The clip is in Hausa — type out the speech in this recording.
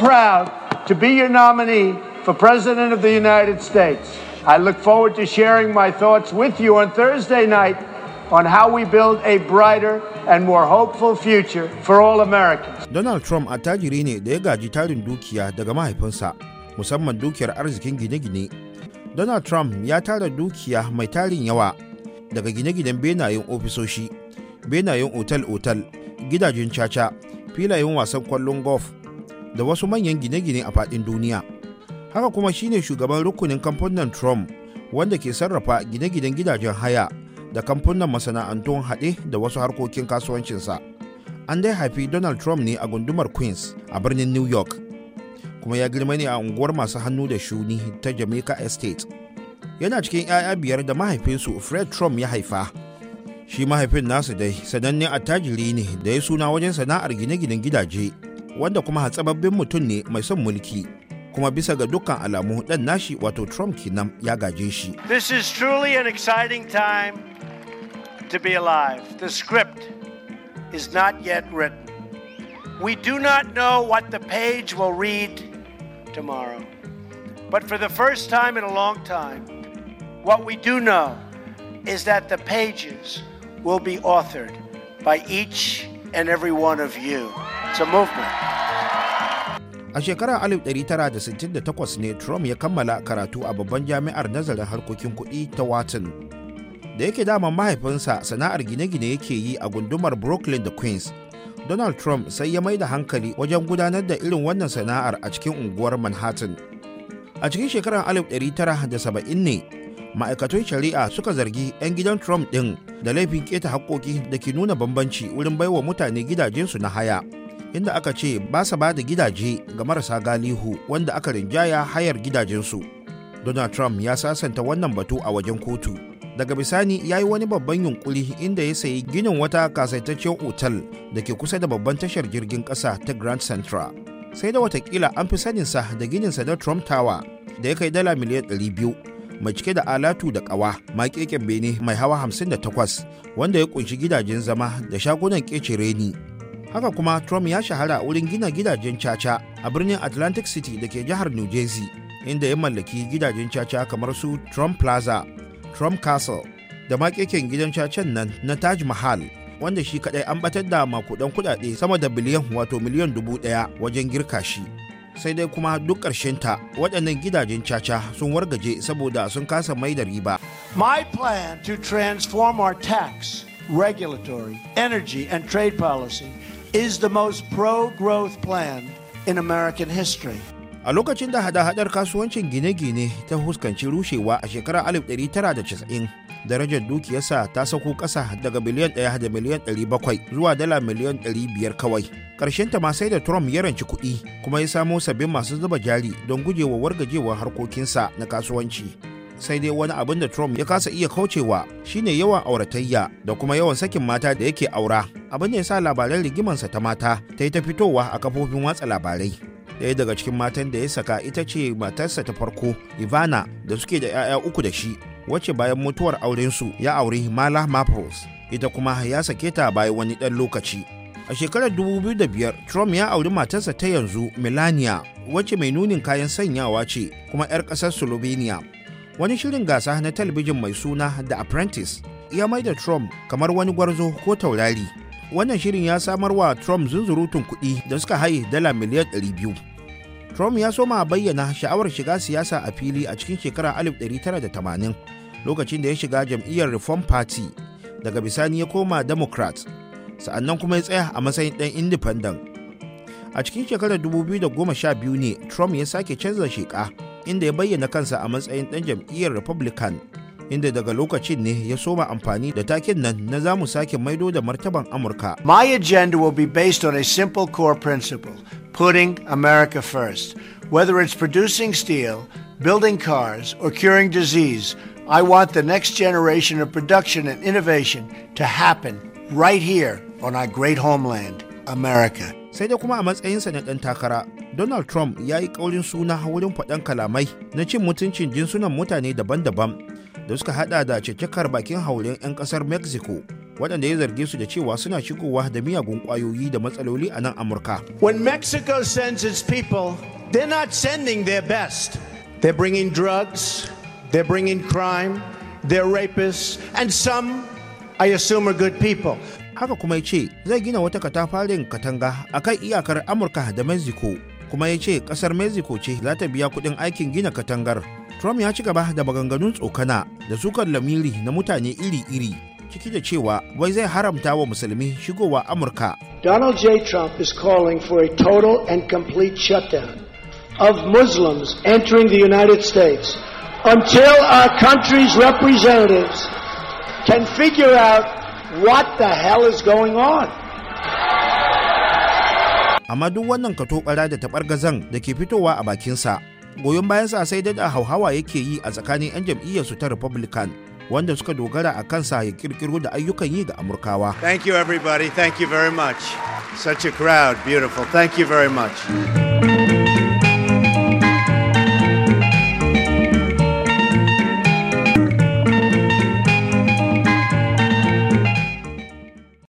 proud to be your nominee for President of the United States. I look forward to sharing my thoughts with you on Thursday night on how we build a brighter and more hopeful future for all Americans. Donald Trump attajiri ne da ya gaji tarin dukiya daga mahaifinsa, musamman dukiyar arzikin gine-gine. Donald Trump ya tara dukiya mai tarin yawa daga gine-ginen benayen ofisoshi, benayen otal-otal, gidajen caca, filayen wasan kwallon golf da wasu manyan gine-gine a faɗin duniya haka kuma shine shugaban rukunin kamfanin trump wanda ke sarrafa gine-ginen gidajen haya da kamfanin masana'antun haɗe da wasu harkokin kasuwancinsa an dai haifi donald trump ne a gundumar queens a birnin new york kuma ya girma ne a unguwar masu hannu da shuni ta jamaica estate yana cikin 'ya'ya biyar da mahaifinsu fred trump ya haifa shi mahaifin nasu dai sanannen attajiri ne da ya suna wajen sana'ar gine-ginen gidaje wanda kuma hatsababbin mutum ne mai son mulki kuma bisa ga dukkan alamu dan nashi wato Trump ya gaje shi. This is truly an exciting time to be alive. The script is not yet written. We do not know what the page will read tomorrow. But for the first time in a long time, what we do know is that the pages will be authored by each and every one of you. to a movement. A shekarar 1968 ne Trump ya kammala karatu a babban jami'ar nazarin harkokin kuɗi ta Watton. Da yake daman mahaifinsa sana'ar gine-gine yake yi a gundumar Brooklyn da Queens. Donald Trump sai ya mai da hankali wajen gudanar da irin wannan sana'ar a cikin unguwar Manhattan. A cikin shekarar 1970 ne ma'aikatan shari'a suka zargi 'yan gidan Trump ɗin da laifin keta haƙƙoƙi da ke nuna bambanci wurin baiwa mutane gidajensu na haya. inda aka ce ba sa ba da gidaje ga marasa galihu wanda aka rinjaya hayar gidajensu. Donald Trump ya sasanta wannan batu a wajen kotu. Daga bisani ya yi wani babban yunkuri inda ya sayi ginin wata kasaitaccen otal da ke kusa da babban tashar jirgin ƙasa ta Grand Central. Sai da watakila an fi saninsa da ginin sa na Trump Tower da ya kai dala miliyan 200 mai cike da alatu da ƙawa maƙeƙen bene mai hawa 58 wanda ya ƙunshi gidajen zama da shagunan ƙece reni haka kuma trump ya shahara wurin gina gidajen caca a birnin atlantic city da ke jihar new jersey inda ya mallaki gidajen caca kamar su trump plaza trump castle da makekin gidan cacen nan na taj mahal wanda shi kadai an batar da makudan kudade sama da biliyan wato miliyan dubu daya wajen girka shi sai dai kuma duk ƙarshen ta waɗannan gidajen caca sun wargaje saboda sun kasa mai da riba. My plan to transform our tax, regulatory, energy and trade policy is the most pro-growth plan in American history. A lokacin da hada-hadar kasuwancin gine-gine ta huskanci rushewa a shekarar 1990, darajar dukiyarsa ta sako ƙasa daga miliyan 1 da miliyan 700 zuwa dala miliyan 500 kawai. ta ma sai da Trump ya ranci kuɗi kuma ya samo sabbin masu zuba jari don gujewa wargajewar harkokinsa na kasuwanci. Sai dai wani abin da Trump ya kasa iya kaucewa shine yawan auratayya da kuma yawan sakin mata da yake aura. abin da ya sa labaran rigimansa ta mata ta yi ta fitowa a kafofin watsa labarai ɗaya daga cikin matan da ya saka ita ce matarsa ta farko ivana da suke da 'ya'ya uku da shi wacce bayan mutuwar aurensu ya auri mala maples ita kuma ya sake ta bayan wani ɗan lokaci a shekarar 2005 trump ya auri matarsa ta yanzu melania wacce mai nunin kayan sanyawa ce kuma 'yar ƙasar slovenia wani shirin gasa na talabijin mai suna the apprentice ya maida trump kamar wani gwarzo ko taurari wannan shirin ya samar wa Trump zunzurutun kuɗi da suka haye dala miliyan 200. Trump ya soma bayyana sha'awar shiga siyasa a fili a cikin shekara 1980 lokacin da ya shiga jam'iyyar Reform Party daga bisani ya koma Democrat sa'annan kuma ya tsaya a matsayin ɗan independent. A cikin shekarar 2012 ne Trump ya sake canza sheka inda ya bayyana kansa a matsayin ɗan jam'iyyar Republican inda daga lokacin ne ya soma amfani da takin nan na za mu sake maido da martaban Amurka. My agenda will be based on a simple core principle, putting America first. Whether it's producing steel, building cars, or curing disease, I want the next generation of production and innovation to happen right here on our great homeland, America. sai da kuma a matsayinsa na ɗan takara donald trump ya yi ƙaurin suna wurin faɗan kalamai na cin mutuncin jinsunan mutane daban-daban da suka hada da cikakkar bakin hauren 'yan kasar mexico waɗanda ya zarge su da cewa suna shigowa da miyagun ƙwayoyi da matsaloli a nan amurka when mexico sends its people they're not sending their best they're bringing drugs they're bringing crime they're rapists and some i assume are good people haka kuma ya ce zai gina wata katafarin katanga a kan iyakar amurka da mexico kuma ya ce kasar mexico ce za ta biya kudin aikin gina katangar Trump ya ci gaba da maganganun tsokana da sukan lamiri na mutane iri-iri ciki da cewa wai zai haramta wa musulmi shigowa Amurka. Donald J. Trump is calling for a total and complete shutdown of Muslims entering the United States until our country's representatives can figure out what the hell is going on. Amma duk wannan katobara da taɓargazan da ke fitowa a bakinsa goyon bayan sa sai dada hauhawa yake yi a tsakanin 'yan jam'iyyar su ta republican wanda suka dogara a kansa ya kirkiro da ayyukan yi ga amurkawa thank you everybody thank you very much such a crowd beautiful thank you very much